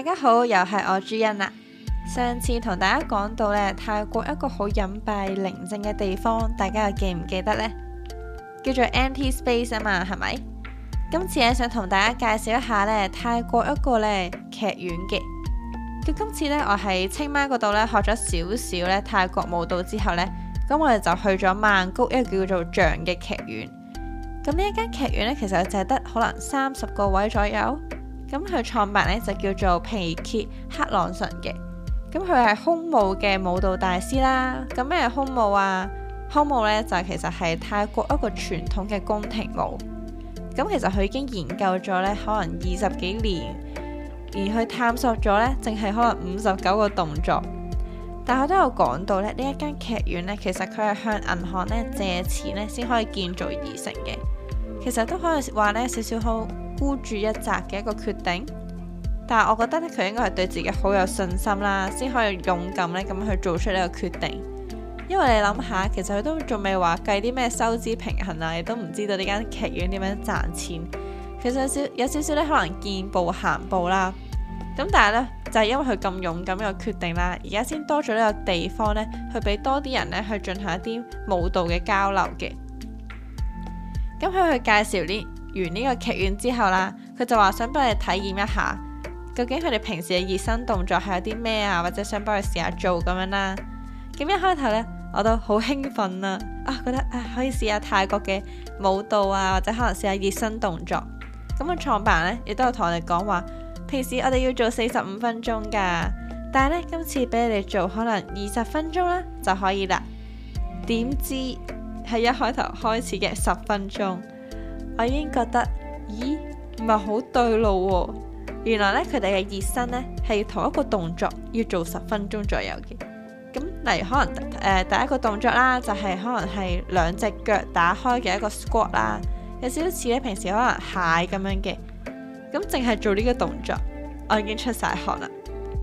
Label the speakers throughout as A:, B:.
A: 大家好，又係我豬因啦。上次同大家講到呢泰國一個好隱蔽、寧靜嘅地方，大家又記唔記得呢？叫做 Empty Space 啊嘛，係咪？今次咧想同大家介紹一下呢泰國一個咧劇院嘅。咁今次呢，我喺清邁嗰度呢學咗少少呢泰國舞蹈之後呢，咁我哋就去咗曼谷一個叫做象嘅劇院。咁呢一間劇院呢，其實就淨係得可能三十個位左右。咁佢創辦咧就叫做皮克克朗神嘅，咁佢係空舞嘅舞蹈大師啦。咁咩係空舞啊？空舞呢，就其實係泰國一個傳統嘅宮廷舞。咁其實佢已經研究咗呢，可能二十幾年，而去探索咗呢，淨係可能五十九個動作。但係我都有講到呢，呢一間劇院呢，其實佢係向銀行呢借錢呢，先可以建造而成嘅。其實都可以話呢，少少好。孤注一擲嘅一個決定，但係我覺得咧，佢應該係對自己好有信心啦，先可以勇敢咧咁去做出呢個決定。因為你諗下，其實佢都仲未話計啲咩收支平衡啊，亦都唔知道呢間劇院點樣賺錢。其實有少有少少咧，可能見步行步啦。咁但係咧，就係因為佢咁勇敢嘅決定啦，而家先多咗呢個地方咧，去俾多啲人咧去進行一啲舞蹈嘅交流嘅。咁佢去介紹呢完呢個劇院之後啦，佢就話想幫你哋體驗一下，究竟佢哋平時嘅熱身動作係有啲咩啊，或者想幫佢試下做咁樣啦。咁一開頭呢，我都好興奮啦、啊，啊覺得啊可以試下泰國嘅舞蹈啊，或者可能試下熱身動作。咁啊，創辦呢，亦都有同我哋講話，平時我哋要做四十五分鐘噶，但係呢，今次俾你哋做可能二十分鐘啦就可以啦。點知喺一開頭開始嘅十分鐘。我已經覺得，咦，唔係好對路喎、啊。原來咧，佢哋嘅熱身咧係同一個動作要做十分鐘左右嘅。咁例如可能誒、呃、第一個動作啦，就係、是、可能係兩隻腳打開嘅一個 squat 啦，有少少似咧，平時可能蟹咁樣嘅。咁淨係做呢個動作，我已經出晒汗啦。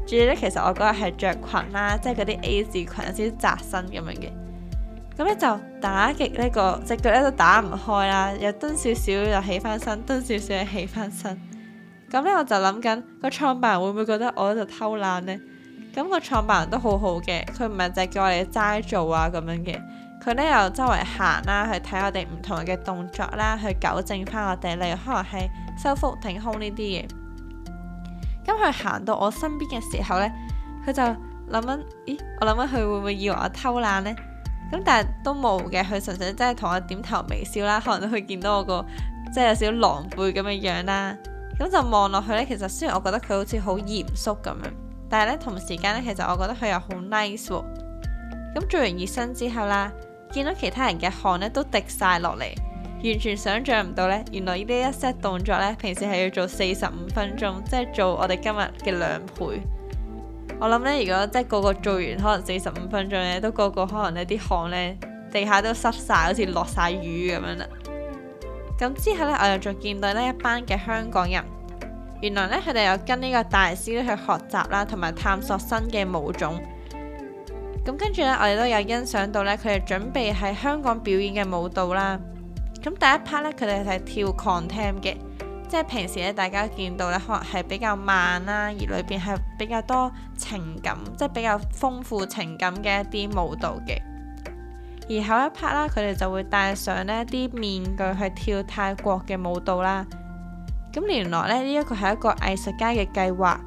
A: 住咧，其實我嗰日係着裙啦，即係嗰啲 A 字裙，有少少窄身咁樣嘅。咁咧就打極呢個隻腳咧都打唔開啦，又蹲少少又起翻身，蹲少少又起翻身。咁 咧我就諗緊個創辦人會唔會覺得我喺度偷懶呢？咁個創辦人都好好嘅，佢唔係淨係叫我哋齋做啊咁樣嘅，佢咧又周圍行啦，去睇我哋唔同嘅動作啦，去糾正翻我哋，例如可能係收腹挺胸呢啲嘢。咁佢行到我身邊嘅時候呢，佢就諗緊，咦，我諗緊佢會唔會以為我偷懶呢？咁但係都冇嘅，佢純粹真係同我點頭微笑啦，可能佢見到我個即係有少少狼狽咁嘅樣啦，咁就望落去呢，其實雖然我覺得佢好似好嚴肅咁樣，但係呢，同時間呢，其實我覺得佢又好 nice 喎。咁做完熱身之後啦，見到其他人嘅汗呢都滴晒落嚟，完全想象唔到呢。原來呢啲一套動作呢，平時係要做四十五分鐘，即係做我哋今日嘅兩倍。我諗咧，如果即係個個做完可能四十五分鐘咧，都個個可能呢啲汗咧，地下都濕晒，好似落晒雨咁樣啦。咁之後呢，我又仲見到呢一班嘅香港人，原來呢，佢哋有跟呢個大師去學習啦，同埋探索新嘅舞種。咁跟住呢，我哋都有欣賞到呢，佢哋準備喺香港表演嘅舞蹈啦。咁第一 part 呢，佢哋係跳 contem 嘅。即係平時咧，大家見到咧，可能係比較慢啦，而裏邊係比較多情感，即係比較豐富情感嘅一啲舞蹈嘅。而後一 part 啦，佢哋就會戴上呢啲面具去跳泰國嘅舞蹈啦。咁原來咧，呢一個係一個藝術家嘅計劃，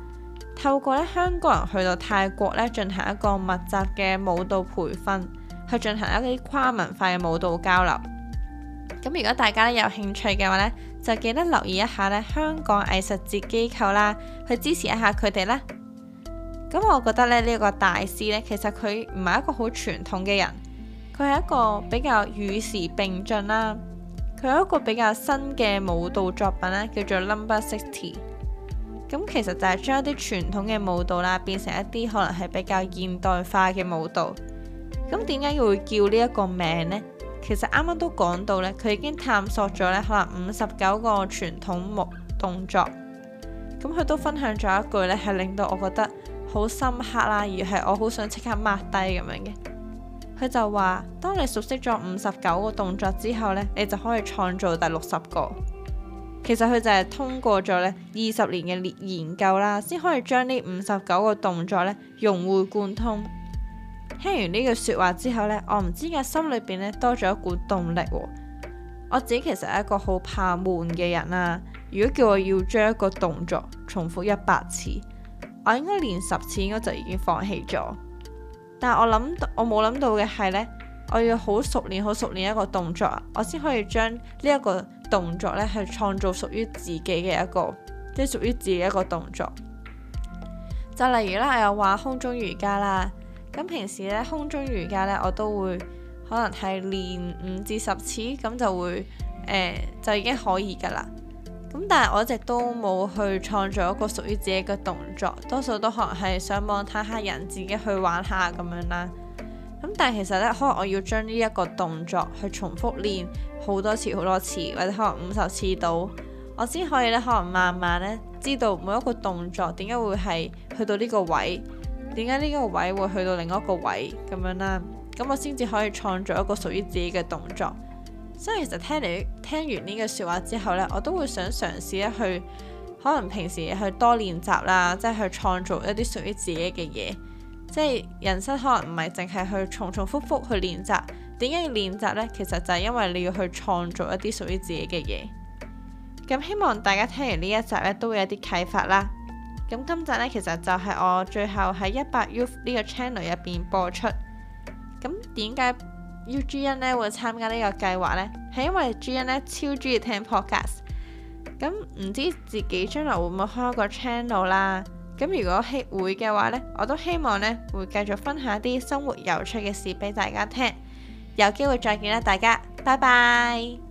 A: 透過咧香港人去到泰國咧進行一個密集嘅舞蹈培訓，去進行一啲跨文化嘅舞蹈交流。咁如果大家咧有興趣嘅話咧，就記得留意一下咧，香港藝術節機構啦，去支持一下佢哋啦。咁我覺得咧，呢個大師呢，其實佢唔係一個好傳統嘅人，佢係一個比較與時並進啦。佢有一個比較新嘅舞蹈作品咧，叫做 Number Sixty。咁其實就係將一啲傳統嘅舞蹈啦，變成一啲可能係比較現代化嘅舞蹈。咁點解要會叫呢一個名呢？其實啱啱都講到呢，佢已經探索咗呢，可能五十九個傳統木動作。咁佢都分享咗一句呢，係令到我覺得好深刻啦，而係我好想即刻抹低咁樣嘅。佢就話：當你熟悉咗五十九個動作之後呢，你就可以創造第六十個。其實佢就係通過咗呢二十年嘅研研究啦，先可以將呢五十九個動作呢融會貫通。聽完呢句說話之後呢，我唔知嘅心裏邊咧多咗一股動力。我自己其實係一個好怕悶嘅人啊。如果叫我要將一個動作重複一百次，我應該練十次應該就已經放棄咗。但係我諗到，我冇諗到嘅係呢，我要好熟練、好熟練一個動作，我先可以將呢一個動作咧去創造屬於自己嘅一個，即係屬於自己一個動作。就例如啦，我又話空中瑜伽啦。咁平時咧空中瑜伽咧，我都會可能係練五至十次，咁就會誒、欸、就已經可以噶啦。咁但係我一直都冇去創造一個屬於自己嘅動作，多數都可能係上網睇下人，自己去玩下咁樣啦。咁但係其實咧，可能我要將呢一個動作去重複練好多次好多次，或者可能五十次到，我先可以咧可能慢慢咧知道每一個動作點解會係去到呢個位。點解呢個位會去到另一個位咁樣啦？咁我先至可以創造一個屬於自己嘅動作。所以其實聽嚟聽完呢句說話之後呢，我都會想嘗試一去，可能平時去多練習啦，即係去創造一啲屬於自己嘅嘢。即係人生可能唔係淨係去重重複複去練習，點解要練習呢？其實就係因為你要去創造一啲屬於自己嘅嘢。咁希望大家聽完呢一集呢，都會有一啲啟發啦。咁今集呢，其實就係我最後喺一百 Youth 呢個 channel 入邊播出。咁點解豬因呢會參加呢個計劃呢？係因為豬因呢超中意聽 podcast。咁唔知自己將來會唔會開一個 channel 啦？咁如果係會嘅話呢，我都希望呢會繼續分享一啲生活有趣嘅事俾大家聽。有機會再見啦，大家拜拜。Bye bye。